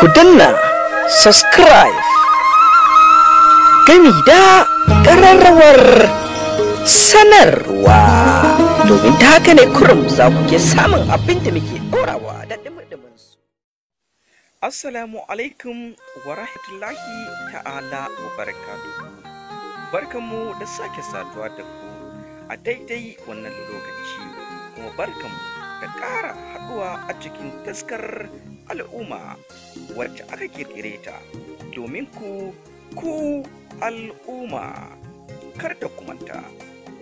ku danna subscribe gami da ƙararrawar sanarwa domin ta haka ne kurum za ku ke samun abin da muke ɗorawa da ɗimin su. Assalamu alaikum wa rahmatullahi ta'ala wa barakatuhu. Barkanmu da sake saduwa da ku a daidai wannan lokaci kuma barkanmu da ƙara haɗuwa a cikin taskar al'umma wacce aka kirkire ta domin ku ku al'umma kar da kumanta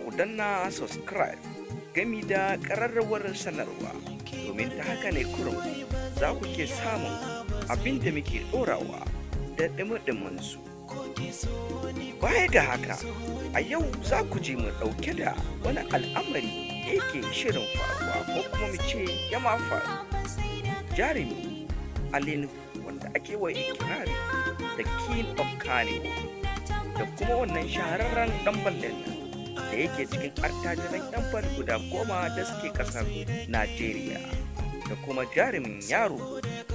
ku danna subscribe gami da ƙararrawar sanarwa domin ta haka ne kurum za ku ke samun abin da muke ɗorawa da ɗimaɗimin su baya ga haka a yau za ku je mu ɗauke da wani al'amari yake shirin faruwa ko kuma mu ce ya faru jarumi alin wanda ake wa ikirari da King of Carnival da kuma wannan shahararren dan ballen da yake cikin artajiran yan bal guda goma da suke kasar Najeriya da kuma jarumin yaro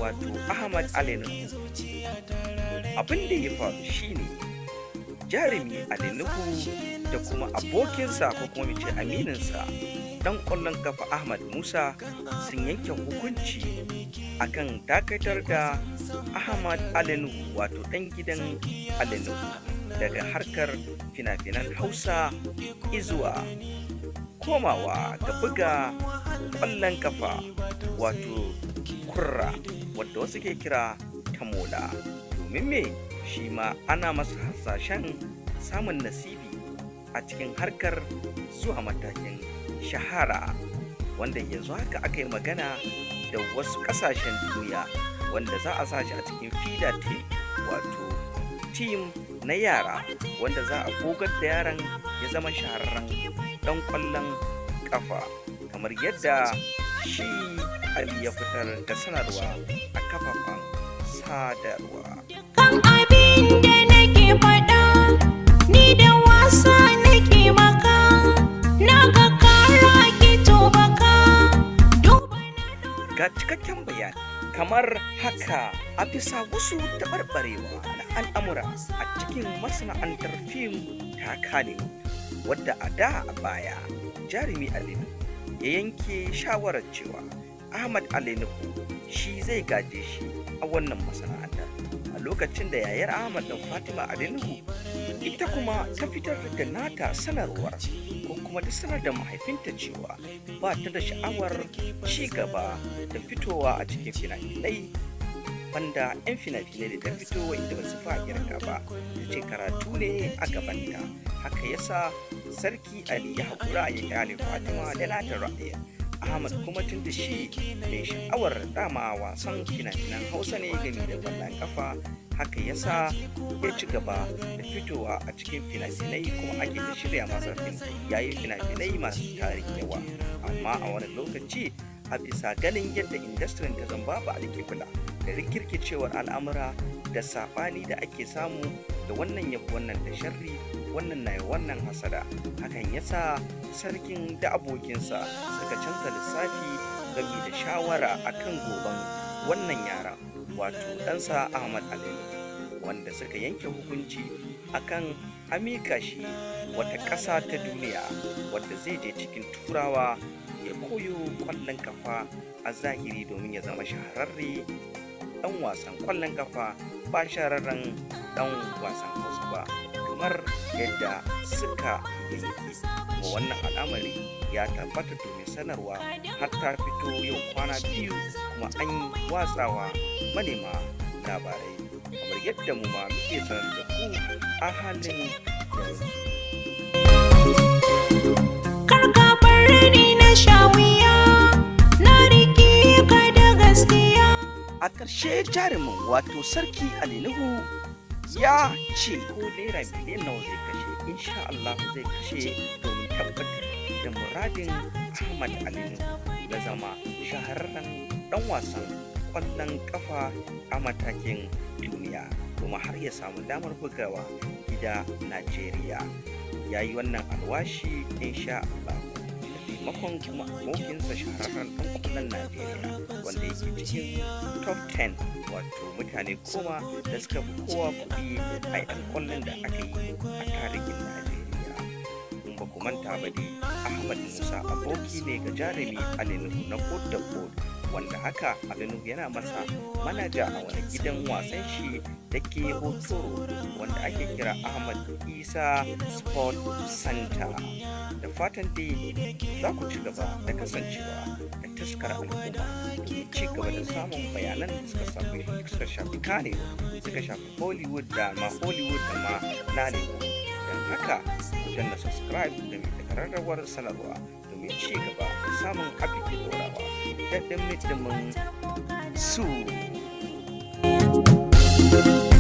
wato Ahmad Alinu. Abin da ya faru shine jarumi Alinuhu da kuma abokinsa ko kuma mace amininsa dan ƙwallon kafa Ahmad Musa sun yanke hukunci akan dakatar da Ahmad Alenu wato ɗan gidan Alenu daga harkar fina-finan Hausa izuwa komawa ga buga ƙwallon kafa wato kurra wadda wasu ke kira tamola domin me shi ma ana masa hasashen samun nasibi a cikin harkar zuwa matakin shahara wanda yanzu haka aka yi magana da wasu ƙasashen duniya wanda za a sa shi a cikin fida team wato team na yara wanda za a gogar da yaran ya zama shahararren ɗan ƙwallon ƙafa kamar yadda shi Ali ya fitar da sanarwa a kafafen sadarwa. ga cikakken bayani kamar haka a bisa wasu taɓarɓarewa na al'amura a cikin masana'antar fim ta kane wadda a da a baya jarumi alinu ya yanke shawarar cewa ahmad Nuhu shi zai gaje shi a wannan masana'antar lokacin da yayar ahmad ɗan fatima adalihu ita kuma ta fitar da nata sanarwar ko kuma ta sanar da mahaifinta cewa ba ta da sha'awar ci gaba da fitowa a cikin fina wanda 'yan fina-finai da ta fito inda ba su girka ba ta ce karatu ne a gabanta haka yasa sarki ali ya haƙura ya kyale fatima da nata ra'ayin ahmad kuma tun da shi mai sha'awar dama wasan fina-finan hausa ne game da wannan kafa haka ya sa ya ci gaba da fitowa a cikin finafinai kuma ake da shirya masa rafin yayi masu tarihi yawa amma a wani lokaci a bisa ganin yadda industry ta zamba ba a ke kula da rikirkicewar al'amura da saɓani da ake samu da wannan yabi wannan da sharri wannan na wannan hasada hakan yasa sarkin da abokinsa suka canza lissafi gami da shawara akan goban wannan yara wato ɗansa ahmad alimi wanda suka yanke hukunci akan amika shi wata ƙasa ta duniya wadda zai je cikin turawa ya koyo kwallon kafa a zahiri domin ya zama shahararre ɗan wasan kwallon kafa ba shararren ɗan wasan hausa ba kamar yadda suka yi kuma wannan al'amari ya tabbata domin sanarwa har ta fito yau kwana biyu kuma an yi watsawa manema labarai kamar yadda mu ma muke sanar da ku a halin yanzu a ƙarshe jarumin wato sarki alinuhu ya ce ko naira miliyan nawa zai kashe insha Allah zai kashe domin tabbatar da muradin ahmad Nuhu na zama shahararren dan wasan kwallon kafa a matakin duniya kuma har ya samu damar bugawa gida najeriya ya yi wannan alwashi insha Allah sakamakon kimokinsa shahararren ɗan najeriya wanda yake cikin top 10 wato mutane goma da suka fi kowa kuɗi a 'yan kwallon da aka yi a tarihin najeriya in ba ku manta ba dai ahmad musa aboki ne ga jarumi alinu na kod da kod wanda haka a yana masa manaja a wani gidan wasan shi da ke hoto wanda ake kira ahmad isa sport center da fatan dai za ku ci gaba da kasancewa da taskar al'umma ci gaba da samun bayanan da suka shafi suka shafi kane suka shafi hollywood da ma hollywood da ma nanewa don haka ku subscribe da mai takararrawar sanarwa domin ci gaba samun haɗi ke ɗorawa da dimmi su. thank you